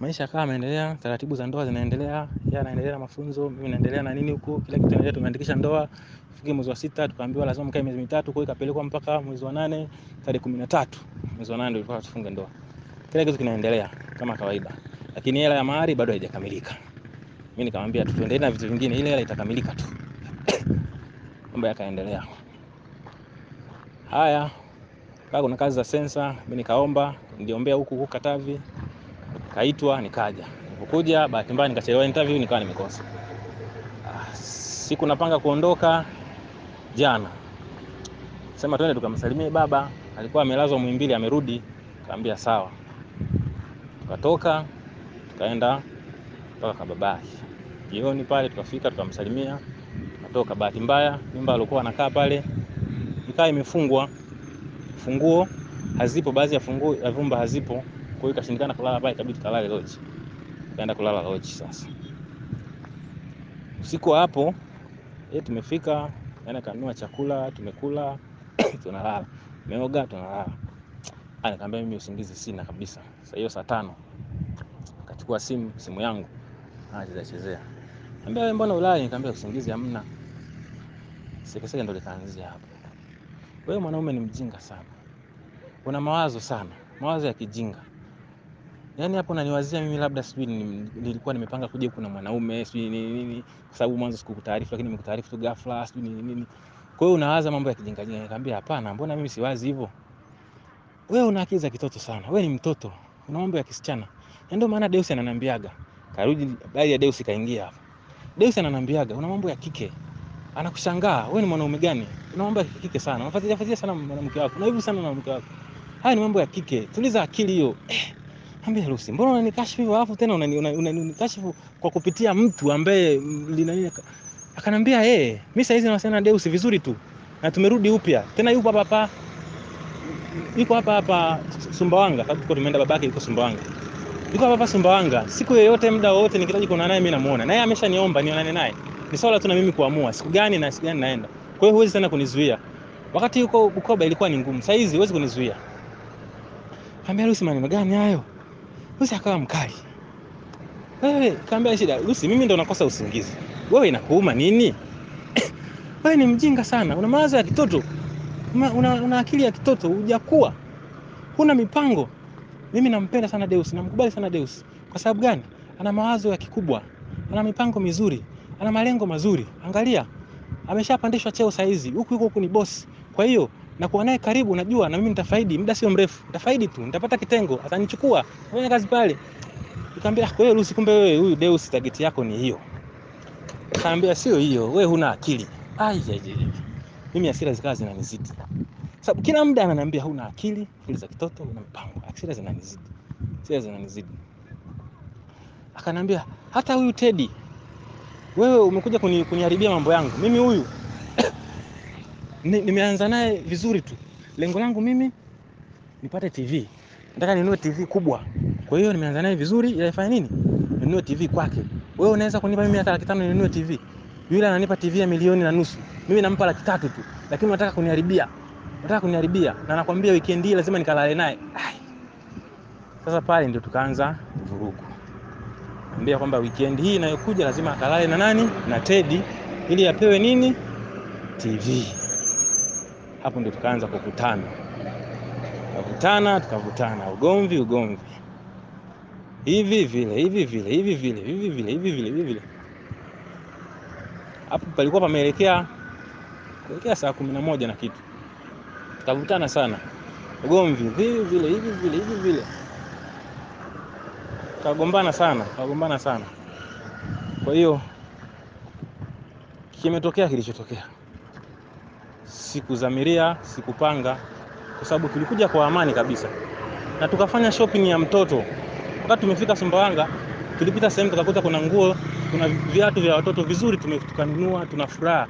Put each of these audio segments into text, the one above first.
maisha yakawa yameendelea, taratibu za ndoa zinaendelea, yeye anaendelea na mafunzo, mimi naendelea na nini huku kila kitu naendelea. Tumeandikisha ndoa fikie mwezi wa sita, tukaambiwa lazima mkae miezi mitatu, kwa hiyo ikapelekwa mpaka mwezi wa nane tarehe kumi na tatu mwezi wa nane ndio ilikuwa tufunge ndoa. Kila kitu kinaendelea kama kawaida, lakini hela ya mahari bado haijakamilika. Mimi nikamwambia tu tuendelee na vitu vingine, ile hela itakamilika tu. Mambo yakaendelea haya, kuna kazi za sensa, mimi nikaomba, niliombea huku huku Katavi Kaitwa nikaja. Nilipokuja bahati mbaya nikachelewa interview nikawa nimekosa. Ah, siku napanga kuondoka jana. Sema twende tukamsalimie baba, alikuwa amelazwa Muhimbili amerudi. Kaambia sawa. Tukatoka tukaenda mpaka kwa babaye. Jioni pale tukafika tukamsalimia. Tukatoka bahati mbaya nyumba alikuwa anakaa pale ikawa imefungwa. Funguo hazipo, baadhi ya funguo ya vyumba hazipo. Kwa hiyo ikashindikana kulala pale, ikabidi kalale lodge. Kaenda kulala lodge sasa. Usiku hapo eh, tumefika ana yaani kanua chakula, tumekula, tunalala. Meoga, tunalala. Anakaambia ah, mimi usingizi sina kabisa. Sasa hiyo saa tano akachukua simu, simu yangu anacheza chezea. Anambia wewe mbona ulali? Nikamwambia usingizi hamna. Sekeseke ndo likaanzia hapo. Wewe mwanaume ni mjinga sana, una mawazo sana, mawazo ya kijinga yani hapo naniwazia mimi labda sijui nilikuwa nimepanga kuja kuna mwanaume sijui nini nini, kwa sababu mwanzo sikukutaarifu, lakini nimekutaarifu tu ghafla sijui nini nini. Kwa hiyo unawaza mambo ya kijingajinga. Nikamwambia hapana, mbona mimi siwazi hivyo? Wewe una akili za kitoto sana, wewe ni mtoto, una mambo ya kisichana. Na ndio maana Deus ananiambiaga, karudi baada ya Deus kaingia hapo, Deus ananiambiaga una mambo ya kike, anakushangaa wewe ni mwanaume gani? Una mambo ya kike sana, unafuatilia fuatilia sana mwanamke wako, na unaibu sana mwanamke wako. Haya ni mambo ya kike, tuliza akili hiyo eh. Mwambie Lucy, mbona unanikashifu hivyo alafu tena unanikashifu unani, kwa kupitia mtu ambaye lina akanambia eh, hey, mimi saa hizi nawasiliana na Deus vizuri tu. Na tumerudi upya. Tena yupo hapa hapa. Yuko hapa hapa Sumbawanga, kwa tumeenda babake yuko Sumbawanga. Yuko hapa hapa Sumbawanga. Siku yoyote muda wowote nikitaji kuonana naye mimi namuona. Naye ameshaniomba nionane naye. Ni swala tu na mimi kuamua siku gani na siku gani naenda. Kwa hiyo huwezi tena kunizuia. Wakati yuko Bukoba ilikuwa ni ngumu. Sasa hizi huwezi kunizuia. Ambia Lucy maneno gani hayo? Lucy akawa mkali. Wewe kaambia shida, Lucy mimi ndo nakosa usingizi. Wewe inakuuma nini? Wewe ni mjinga sana. Una mawazo ya kitoto. Una, una, akili ya kitoto, hujakuwa. Huna mipango. Mimi nampenda sana Deus, namkubali sana Deus. Kwa sababu gani? Ana mawazo ya kikubwa. Ana mipango mizuri. Ana malengo mazuri. Angalia, ameshapandishwa cheo saa hizi. Huku huko huku ni bosi. Kwa hiyo na kuwa naye karibu, najua na mimi nitafaidi, muda sio mrefu nitafaidi tu, nitapata kitengo, atanichukua fanya kazi pale. Nikamwambia kwa ah, hiyo Lucy, kumbe wewe huyu Deus target yako ni hiyo. Kaambia sio hiyo, wewe huna akili. Ai, ya ya, mimi hasira zikawa zinanizidi, sababu kila muda ananiambia huna akili, akili za kitoto, una mpango. Hasira zinanizidi, hasira zinanizidi. Akanambia hata huyu Teddy, wewe umekuja kuniharibia mambo yangu mimi huyu nimeanza ni naye vizuri tu. Lengo langu mimi nipate TV, nataka ninunue TV kubwa. Kwa hiyo nimeanza naye vizuri, ili afanye nini, ninunue TV kwake. Wewe unaweza kunipa mimi hata laki tano ninunue TV, yule ananipa TV ya milioni na nusu, mimi nampa laki tatu tu, lakini unataka kuniharibia, unataka kuniharibia na nakwambia weekend hii lazima nikalale naye. Sasa pale ndio tukaanza vurugu, ambia kwamba weekend hii inayokuja lazima akalale na nani, na Teddy ili apewe nini, TV hapo ndio tukaanza kukutana, tukavutana, tukavutana, ugomvi, ugomvi, hivi vile, hivi vile, hivi vile, hivi vile, hivi vile, hivi vile. Hapo palikuwa pameelekea kuelekea saa kumi na moja na kitu, tukavutana sana, ugomvi, hivi vile, hivi vile, hivi vile, tukagombana sana, tukagombana sana. Kwa hiyo kimetokea kilichotokea sikuzamiria sikupanga, kwa sababu tulikuja kwa amani kabisa na tukafanya shopping ya mtoto. Wakati tumefika Sumbawanga, tulipita sehemu tukakuta kuna nguo, kuna viatu vya watoto vizuri, tumekutukanunua, tuna furaha.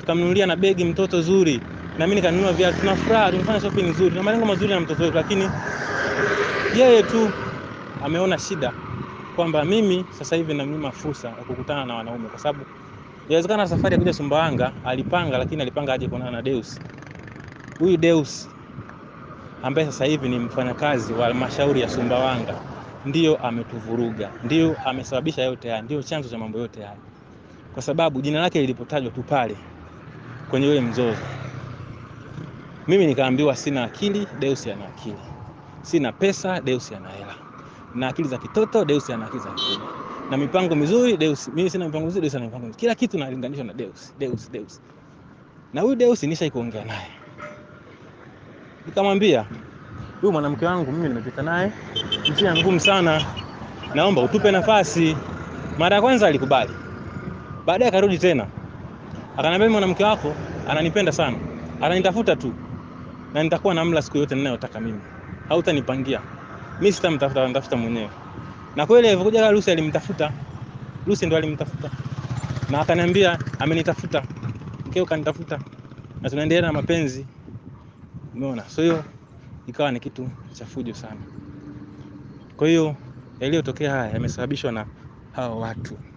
Tukamnunulia na begi mtoto zuri, na mimi nikanunua viatu, tuna furaha, tumefanya shopping nzuri, Na malengo mazuri na mtoto wetu, lakini yeye tu ameona shida kwamba mimi sasa hivi na fursa ya kukutana na wanaume, kwa sababu Inawezekana safari ya kuja Sumbawanga alipanga, lakini alipanga aje kuonana na Deus. Huyu Deus ambaye sasa hivi ni mfanyakazi wa halmashauri ya Sumbawanga ndio ametuvuruga, ndio amesababisha yote haya, ndio chanzo cha mambo yote haya, kwa sababu jina lake lilipotajwa tu pale kwenye ule mzozo, mimi nikaambiwa sina akili, Deus ana akili, sina pesa, Deus ana hela, na akili za kitoto, Deus ana akili za kitoto na mipango mizuri Deus. Mimi sina mipango mizuri, Deus ana mipango mizuri. Kila kitu nalinganishwa na Deus, Deus, Deus. Na huyu Deus nisha kuongea naye, nikamwambia huyu mwanamke wangu mimi nimepita naye njia ngumu sana, naomba utupe nafasi. Mara ya kwanza alikubali, baadaye akarudi tena akaniambia, mwanamke wako ananipenda sana, ananitafuta tu na nitakuwa namla siku yote ninayotaka mimi, hautanipangia mimi, sitamtafuta, nitafuta mwenyewe. Na kweli alivyokuja kwa Lucy alimtafuta. Lucy ndo alimtafuta. Na akaniambia amenitafuta. Mkeo kanitafuta. Na tunaendelea na mapenzi. Umeona? So hiyo ikawa ni kitu cha fujo sana. Kwa hiyo yaliyotokea haya yamesababishwa na hao watu.